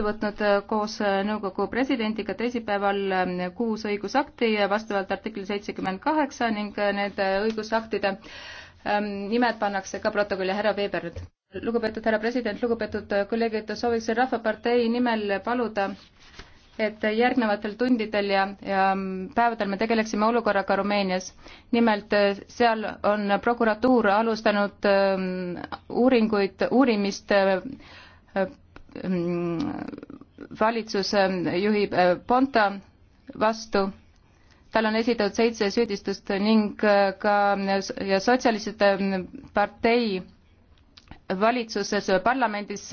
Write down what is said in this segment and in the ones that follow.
vastu võtnud äh, koos äh, nõukogu presidendiga teisipäeval äh, kuus õigusakti vastavalt artikli seitsekümmend kaheksa ning nende õigusaktide ähm, nimed pannakse ka protokolli härra Weber. lugupeetud härra president, lugupeetud kolleegid, sooviksin Rahvapartei nimel paluda et järgnevatel tundidel ja, ja mm, päevadel me tegeleksime olukorraga Rumeenias. nimelt seal on prokuratuur alustanud ähm, uuringuid, uurimist Mm, valitsuse ähm, juhib äh, Ponta vastu. tal on esitatud seitse süüdistust ning äh, ka ja sotsialistide ähm, partei valitsuses, äh, parlamendis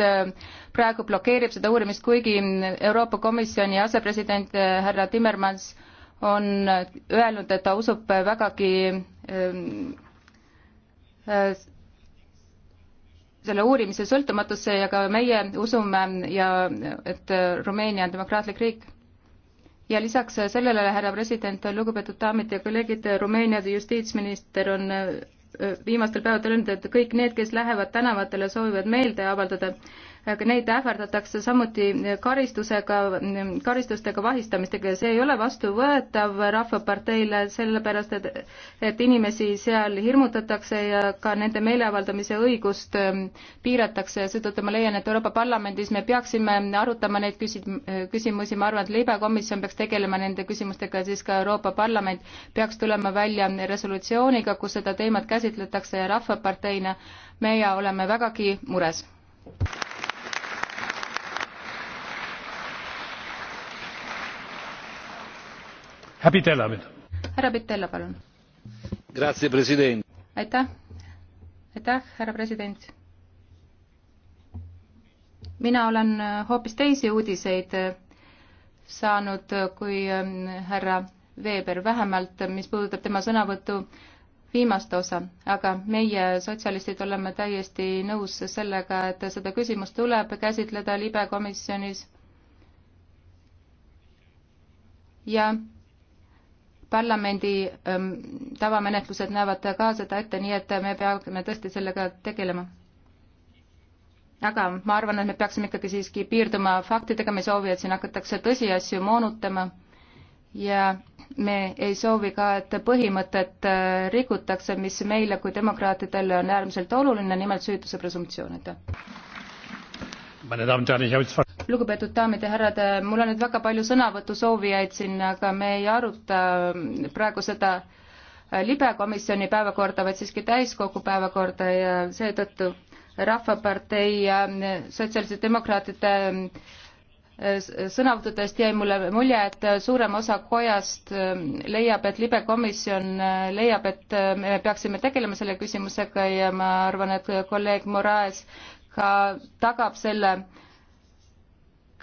praegu blokeerib seda uurimist, kuigi mm, Euroopa Komisjoni asepresident härra Timmermans on öelnud, et ta usub vägagi ähm, selle uurimise sõltumatusse ja ka meie usume ja et Rumeenia on demokraatlik riik. ja lisaks sellele, härra president, lugupeetud daamid ja kolleegid, Rumeenia justiitsminister on äh, viimastel päevadel öelnud, et kõik need, kes lähevad tänavatele, soovivad meelde avaldada neid ähvardatakse samuti karistusega, karistustega vahistamistega ja see ei ole vastuvõetav Rahvaparteile, sellepärast et, et inimesi seal hirmutatakse ja ka nende meeleavaldamise õigust ähm, piiratakse ja seetõttu ma leian, et Euroopa Parlamendis me peaksime arutama neid küsi-, küsimusi, ma arvan, et libekomisjon peaks tegelema nende küsimustega ja siis ka Euroopa Parlament peaks tulema välja resolutsiooniga, kus seda teemat käsitletakse ja Rahvaparteina meie oleme vägagi mures. härra Pitella, palun. aitäh, aitäh, härra president. mina olen äh, hoopis teisi uudiseid äh, saanud äh, kui ähm, härra Weber, vähemalt mis puudutab tema sõnavõtu viimast osa, aga meie, sotsialistid, oleme täiesti nõus sellega, et seda küsimust tuleb käsitleda libekomisjonis ja parlamendi ähm, tavamenetlused näevad ka seda ette, nii et me peame tõesti sellega tegelema. aga ma arvan, et me peaksime ikkagi siiski piirduma faktidega, me ei soovi, et siin hakatakse tõsiasju moonutama ja me ei soovi ka, et põhimõtet äh, rikutakse, mis meile kui demokraatidele on äärmiselt oluline, nimelt süütuse presumptsioon, aitäh lugupeetud daamid ja härrad, mul on nüüd väga palju sõnavõtusoovijaid siin, aga me ei aruta ähm, praegu seda äh, libekomisjoni päevakorda, vaid siiski täiskogu päevakorda ja seetõttu Rahvapartei ja ähm, Sotsiaalsete Demokraatide ähm, äh, sõnavõttudest jäi mulle mulje, et äh, suurem osa kojast leiab, et libekomisjon leiab, et me peaksime tegelema selle küsimusega ja ma arvan, et kolleeg Moraes ka tagab selle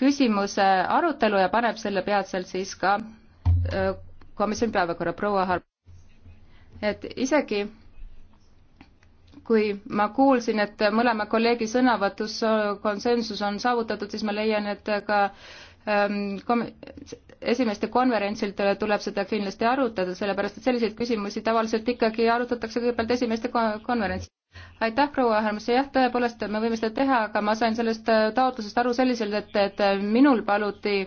küsimuse arutelu ja paneb selle peatselt siis ka komisjoni päevakorra proua Har-. et isegi kui ma kuulsin, et mõlema kolleegi sõnavõtus konsensus on saavutatud, siis ma leian, et ka ähm, kom-, esimeste konverentsil tuleb seda kindlasti arutada, sellepärast et selliseid küsimusi tavaliselt ikkagi arutatakse kõigepealt esimeste konverentsil aitäh, proua Härmas, jah, tõepoolest me võime seda teha, aga ma sain sellest äh, taotlusest aru selliselt, et, et äh, minul paluti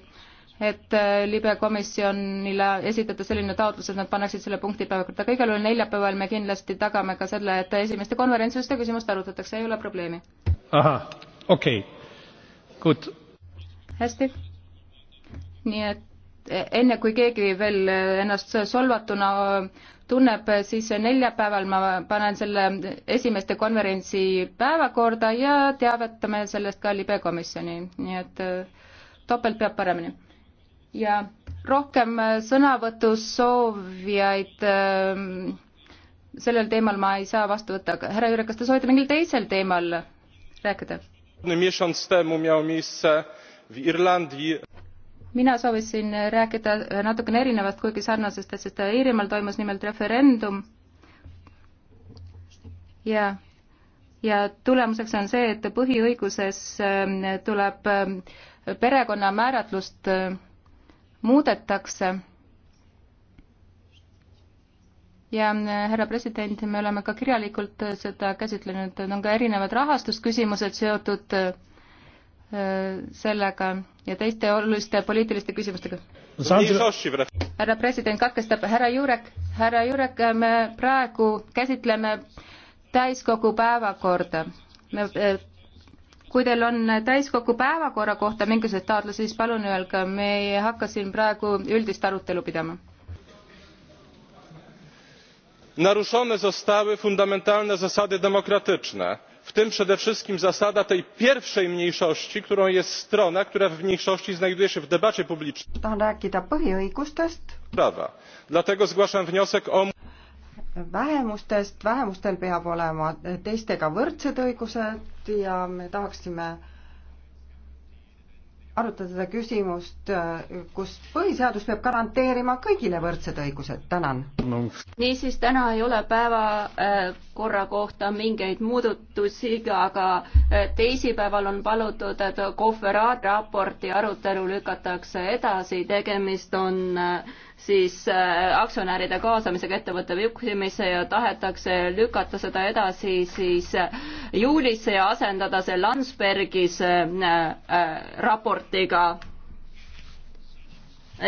et äh, libe komisjonile esitada selline taotlus, et nad pannaksid selle punkti päevakorda. kõigel juhul neljapäeval me kindlasti tagame ka selle, et esimeste konverentsil seda küsimust arutatakse, ei ole probleemi. ahah, okei okay., good. hästi. nii et e, enne, kui keegi veel ennast solvatuna tunneb, siis neljapäeval ma panen selle esimeste konverentsi päevakorda ja teavitame sellest ka libekomisjoni, nii et äh, topelt peab paremini. ja rohkem äh, sõnavõtusoovijaid äh, sellel teemal ma ei saa vastu võtta, aga härra Jüri, kas te soovite mingil teisel teemal rääkida? miesiąc temu miało miejsce w Irlandii mina soovisin rääkida natukene erinevast, kuigi sarnasest asjast. Iirimaal toimus nimelt referendum ja, ja tulemuseks on see, et põhiõiguses ähm, tuleb ähm, perekonna määratlust äh, muudetakse. ja äh, härra president, me oleme ka kirjalikult äh, seda käsitlenud, on ka erinevad rahastusküsimused seotud Äh, sellega ja teiste oluliste poliitiliste küsimustega. härra president katkestab, härra Jurek, härra Jurek, äh, me praegu käsitleme täiskogu päevakorda. me äh, kui teil on täiskogu päevakorra kohta mingisuguseid taotlusi, siis palun öelge, me ei hakka siin praegu üldist arutelu pidama. naruszone zostały fundamentalne zasady demokratyczne w tym przede wszystkim zasada tej pierwszej mniejszości którą jest strona która w mniejszości znajduje się w debacie publicznej prawa. dlatego zgłaszam wniosek o vähemustest vähemustel peab olema teistega võrdsed õigused ja me tahaksime arutada seda küsimust, kus põhiseadus peab garanteerima kõigile võrdsed õigused, tänan no.. niisiis, täna ei ole päevakorra äh, kohta mingeid muudatusi, aga äh, teisipäeval on palutud, et Kohveraad raporti arutelu lükatakse edasi, tegemist on äh, siis äh, aktsionäride kaasamisega ettevõtte juhtimisse ja tahetakse lükata seda edasi siis äh, juulisse ja asendada see Landsbergis äh, raportiga.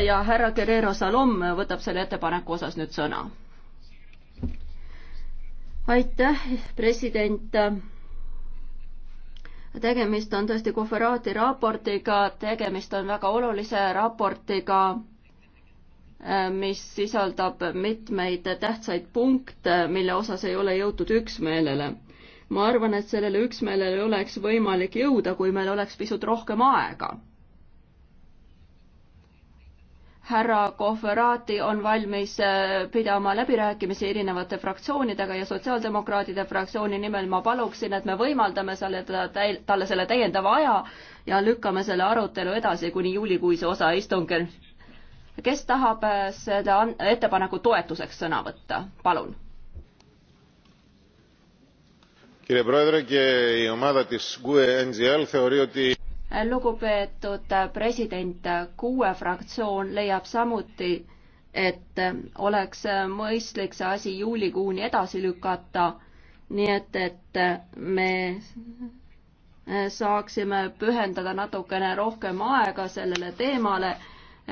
ja härra Guerrero Salom võtab selle ettepaneku osas nüüd sõna. aitäh, president tegemist on tõesti Koferaati raportiga, tegemist on väga olulise raportiga Äh, mis sisaldab mitmeid tähtsaid punkte, mille osas ei ole jõutud üksmeelele. ma arvan, et sellele üksmeelele oleks võimalik jõuda, kui meil oleks pisut rohkem aega. härra Kohverati on valmis äh, pidama läbirääkimisi erinevate fraktsioonidega ja Sotsiaaldemokraatide fraktsiooni nimel ma paluksin, et me võimaldame selle, talle selle täiendava aja ja lükkame selle arutelu edasi kuni juulikuise osa istungil kes tahab äh, seda ettepaneku toetuseks sõna võtta, palun? Äh, lugupeetud äh, president, kuue fraktsioon leiab samuti, et oleks mõistlik see asi juulikuuni edasi lükata, nii et, et me saaksime pühendada natukene rohkem aega sellele teemale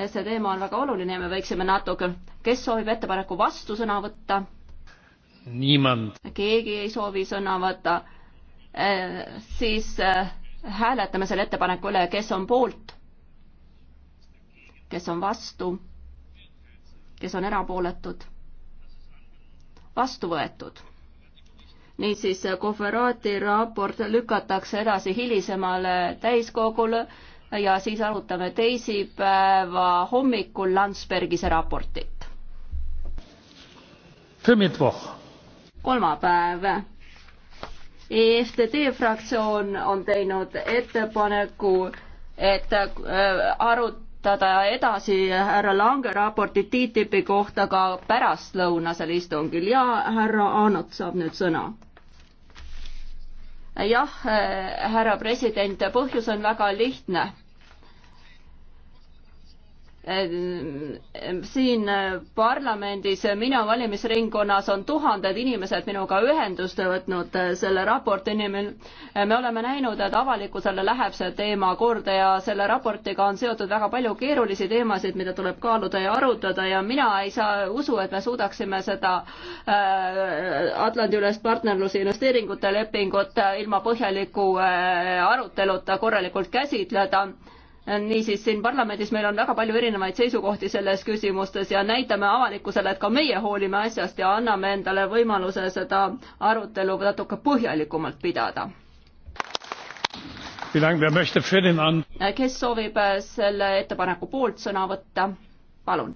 see teema on väga oluline ja me võiksime natuke, kes soovib ettepaneku vastu sõna võtta? keegi ei soovi sõna võtta. Eh, siis eh, hääletame selle ettepaneku üle, kes on poolt, kes on vastu, kes on erapooletud, vastu võetud niisiis konveraati eh, raport lükatakse edasi hilisemale täiskogule ja siis arutame teisipäeva hommikul Landsbergise raportit. kolmapäev. EFTD fraktsioon on teinud ettepaneku, et äh, arutada edasi härra Lange raportit TTIP-i kohta ka pärastlõunasel istungil ja härra Aanot saab nüüd sõna jah, äh, härra president, põhjus on väga lihtne Äh, siin äh, parlamendis, äh, minu valimisringkonnas on tuhanded inimesed minuga ühendust võtnud selle raporti nimel. me oleme näinud, et avalikkusele läheb see teema korda ja selle raportiga on seotud väga palju keerulisi teemasid, mida tuleb kaaluda ja arutada ja mina ei saa usu, et me suudaksime seda Atlandi-ülest partnerluse investeeringute lepingut ilma põhjaliku aruteluta korralikult käsitleda niisiis siin parlamendis meil on väga palju erinevaid seisukohti selles küsimustes ja näitame avalikkusele, et ka meie hoolime asjast ja anname endale võimaluse seda arutelu natuke põhjalikumalt pidada. kes soovib selle ettepaneku poolt sõna võtta, palun?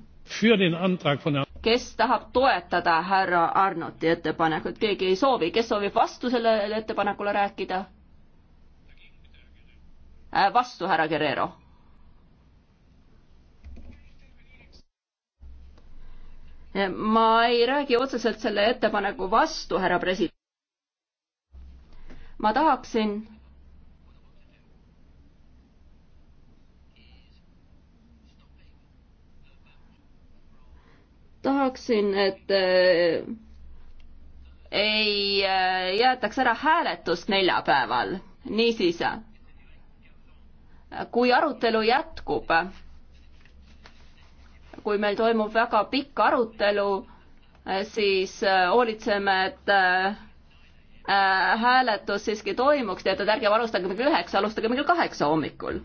kes tahab toetada härra Arnoti ettepanekut, keegi ei soovi, kes soovib vastu sellele ettepanekule rääkida? Äh, vastu, härra Guerrero. ma ei räägi otseselt selle ettepaneku vastu, härra president. ma tahaksin tahaksin, et äh, ei äh, jäetaks ära hääletust neljapäeval, niisiis kui arutelu jätkub, kui meil toimub väga pikk arutelu, siis äh, hoolitseme, et äh, äh, hääletus siiski toimuks, nii et ärgem alustagem kell üheksa, alustagem kell kaheksa hommikul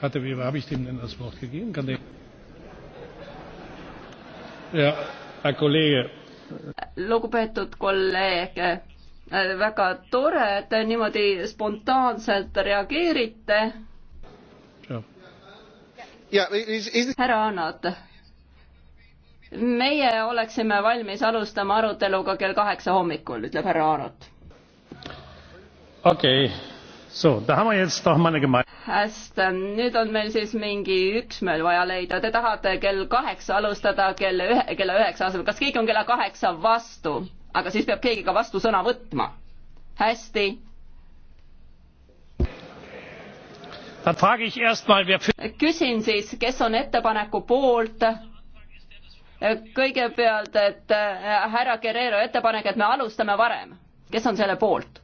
hatte, wie habe ich dem denn das Wort gegeben? Kann der, ja, Herr Kollege, lugupeetud kolleeg, väga tore, et te niimoodi spontaanselt reageerite. härra Annat, meie oleksime valmis alustama aruteluga kell kaheksa hommikul, ütleb härra Aarot. okei okay hästi, ähm, nüüd on meil siis mingi üksmeel vaja leida, te tahate kell kaheksa alustada kell ühe, kella üheksa asemel, kas keegi on kella kaheksa vastu? aga siis peab keegi ka vastusõna võtma. hästi. küsin siis, kes on ettepaneku poolt? kõigepealt, et äh, härra Guerrero ettepanek, et me alustame varem, kes on selle poolt?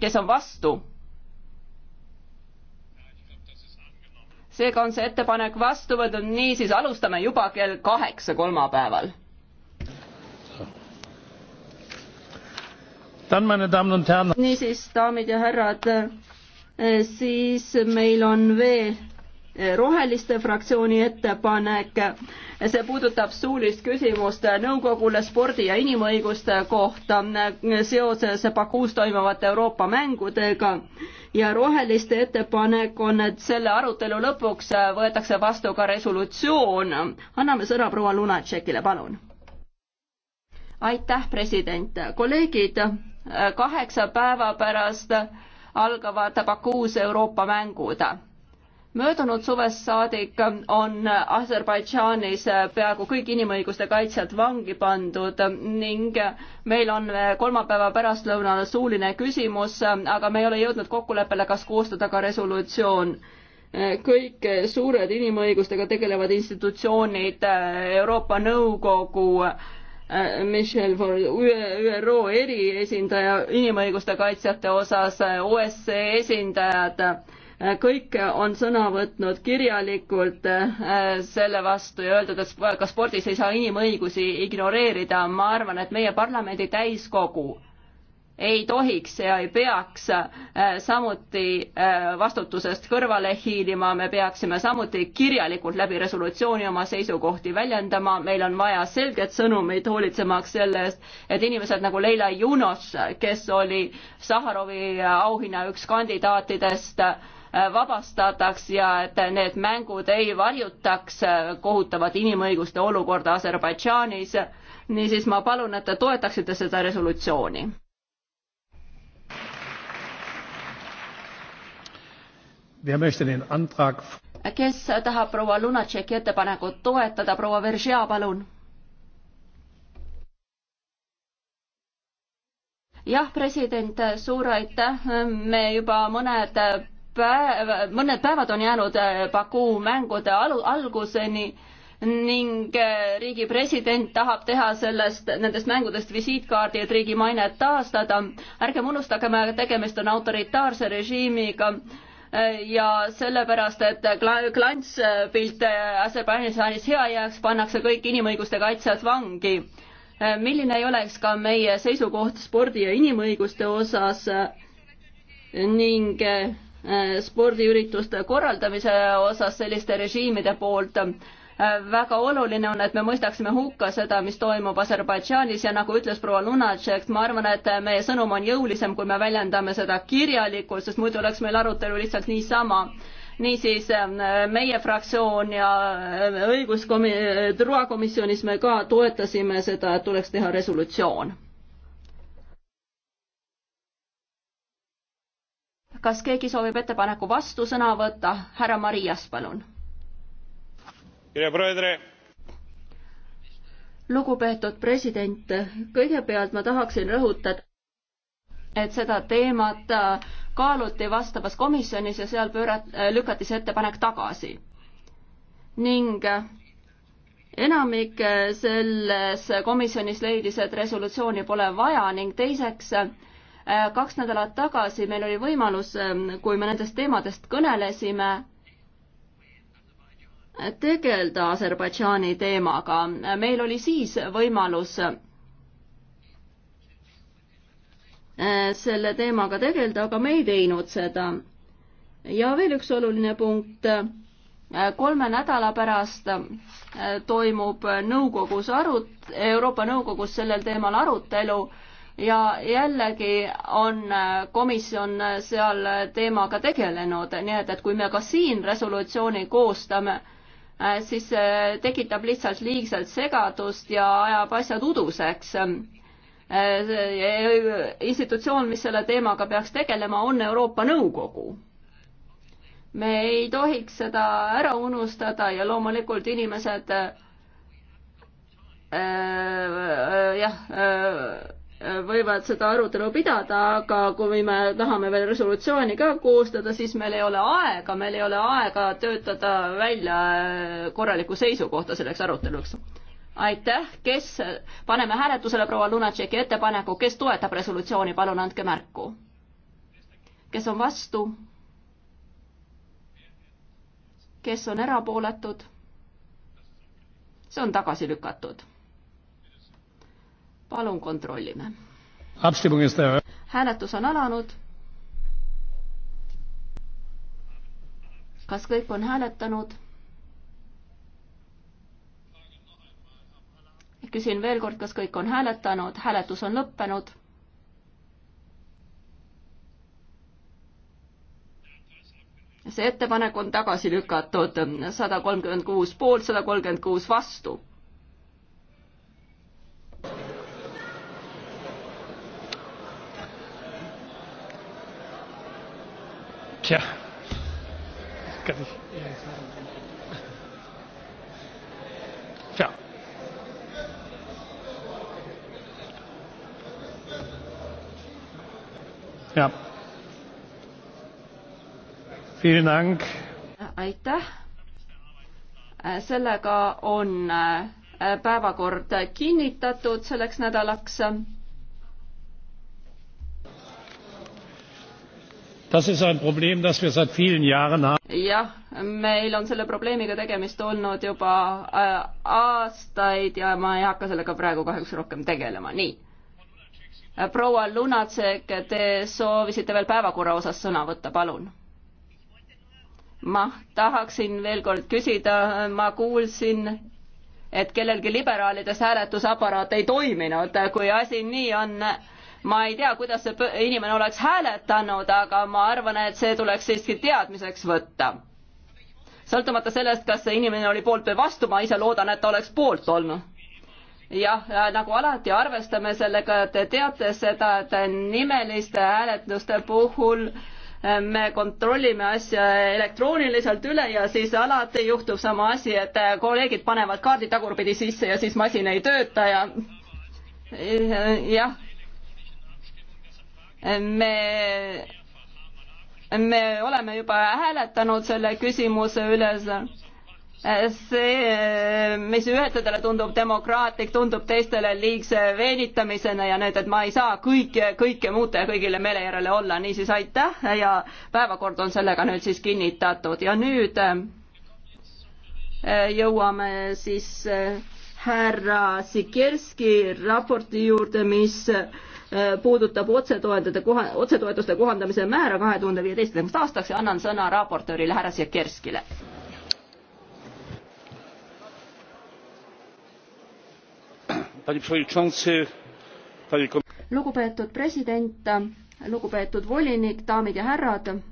kes on vastu? seega on see ettepanek vastu võetud, niisiis alustame juba kell kaheksa kolmapäeval. niisiis, daamid ja härrad, eh, siis meil on veel roheliste fraktsiooni ettepanek, see puudutab suulist küsimust nõukogule spordi ja inimõiguste kohta seoses Bakuus toimuvate Euroopa mängudega ja roheliste ettepanek on, et selle arutelu lõpuks võetakse vastu ka resolutsioon. anname sõna proua Lunatšekile, palun. aitäh, president. kolleegid, kaheksa päeva pärast algavad Bakuus Euroopa mängud möödunud suvest saadik on Aserbaidžaanis peaaegu kõik inimõiguste kaitsjad vangi pandud ning meil on kolmapäeva pärastlõunal suuline küsimus, aga me ei ole jõudnud kokkuleppele, kas koostada ka resolutsioon. kõik suured inimõigustega tegelevad institutsioonid, Euroopa Nõukogu, Michel ÜRO eriesindaja inimõiguste kaitsjate osas, OSCE esindajad kõik on sõna võtnud kirjalikult äh, selle vastu ja öeldud, et ka spordis ei saa inimõigusi ignoreerida. ma arvan, et meie parlamendi täiskogu ei tohiks ja ei peaks äh, samuti äh, vastutusest kõrvale hiilima, me peaksime samuti kirjalikult läbi resolutsiooni oma seisukohti väljendama, meil on vaja selget sõnumit hoolitsemaks selle eest, et inimesed nagu Leila Junos, kes oli Saharovi auhinna üks kandidaatidest, vabastataks ja et need mängud ei varjutaks kohutavat inimõiguste olukorda Aserbaidžaanis. niisiis ma palun, et te toetaksite seda resolutsiooni. kes tahab proua Lunatšeki ettepanekut toetada, proua Veržea, palun jah, president, suur aitäh, me juba mõned päev, mõned päevad on jäänud äh, Baku mängude al-, alguseni ning äh, riigi president tahab teha sellest, nendest mängudest visiitkaardi, et riigi mainet taastada. ärgem unustagem, tegemist on autoritaarse režiimiga äh, ja sellepärast, et klantspilt Aserbaidžanis hea jääks, pannakse kõik inimõiguste kaitsjad vangi. milline ei oleks ka meie seisukoht spordi ja inimõiguste osas ning Äh, spordiürituste korraldamise osas selliste režiimide poolt. Äh, väga oluline on, et me mõistaksime hukka seda, mis toimub Aserbaidžaanis ja nagu ütles proua Lunatšek, ma arvan, et meie sõnum on jõulisem, kui me väljendame seda kirjalikult, sest muidu oleks meil arutelu lihtsalt niisama niisiis äh, meie fraktsioon ja õiguskomi-, turvakomisjonis me ka toetasime seda, et tuleks teha resolutsioon kas keegi soovib ettepaneku vastu sõna võtta? härra Marias, palun. lugupeetud president, kõigepealt ma tahaksin rõhutada, et seda teemat äh, kaaluti vastavas komisjonis ja seal pöörat-, äh, lükati see ettepanek tagasi. ning äh, enamik selles komisjonis leidis, et resolutsiooni pole vaja ning teiseks Äh, kaks nädalat tagasi meil oli võimalus, ähm, kui me nendest teemadest kõnelesime, tegeleda Aserbaidžaani teemaga. Äh, meil oli siis võimalus äh, selle teemaga tegeleda, aga me ei teinud seda. ja veel üks oluline punkt. kolme nädala pärast toimub nõukogus arut-, Euroopa Nõukogus sellel teemal arutelu ja jällegi on komisjon seal teemaga tegelenud, nii et, et kui me ka siin resolutsiooni koostame, siis tekitab lihtsalt liigselt segadust ja ajab asjad uduseks. institutsioon, mis selle teemaga peaks tegelema, on Euroopa Nõukogu. me ei tohiks seda ära unustada ja loomulikult inimesed äh, äh, jah, äh, võivad seda arutelu pidada, aga kui me tahame veel resolutsiooni ka koostada, siis meil ei ole aega, meil ei ole aega töötada välja korralikku seisukohta selleks aruteluks. aitäh, kes, paneme hääletusele proua Lunatšeki ettepaneku, kes toetab resolutsiooni, palun andke märku. kes on vastu? kes on erapooletud? see on tagasi lükatud palun kontrollime. hääletus on alanud. kas kõik on hääletanud? küsin veel kord, kas kõik on hääletanud, hääletus on lõppenud. see ettepanek on tagasi lükatud, sada kolmkümmend kuus poolt, sada kolmkümmend kuus vastu Tja. Das kann ich. Tja. Ja. Vielen Dank. aitäh. sellega on äh, päevakord kinnitatud selleks nädalaks jah, meil on selle probleemiga tegemist olnud juba äh, aastaid ja ma ei hakka sellega praegu kahjuks rohkem tegelema, nii. Äh, proua Lunatsek, te soovisite veel päevakorra osas sõna võtta, palun ma tahaksin veel kord küsida, äh, ma kuulsin, et kellelgi liberaalides hääletusaparaat ei toiminud, kui asi nii on, ma ei tea, kuidas see inimene oleks hääletanud, aga ma arvan, et see tuleks siiski teadmiseks võtta. sõltumata sellest, kas see inimene oli poolt või vastu, ma ise loodan, et ta oleks poolt olnud jah, äh, nagu alati arvestame sellega, et te teate seda, et nimeliste hääletuste puhul äh, me kontrollime asja elektrooniliselt üle ja siis alati juhtub sama asi, et äh, kolleegid panevad kaardi tagurpidi sisse ja siis masin ei tööta ja jah me, me oleme juba hääletanud selle küsimuse üle see, mis ühtedele tundub demokraatlik, tundub teistele liigse veenitamisena ja need, et ma ei saa kõike, kõike muuta ja kõigile meele järele olla, niisiis aitäh ja päevakord on sellega nüüd siis kinnitatud ja nüüd eh, jõuame siis eh, härra Sikerski raporti juurde, mis Äh, puudutab otsetoetuste koha, otsetoetuste kohandamise määra kahe tuhande viieteistkümnendaks aastaks ja annan sõna raportöörile härra Sikerskile. lugupeetud president, lugupeetud volinik, daamid ja härrad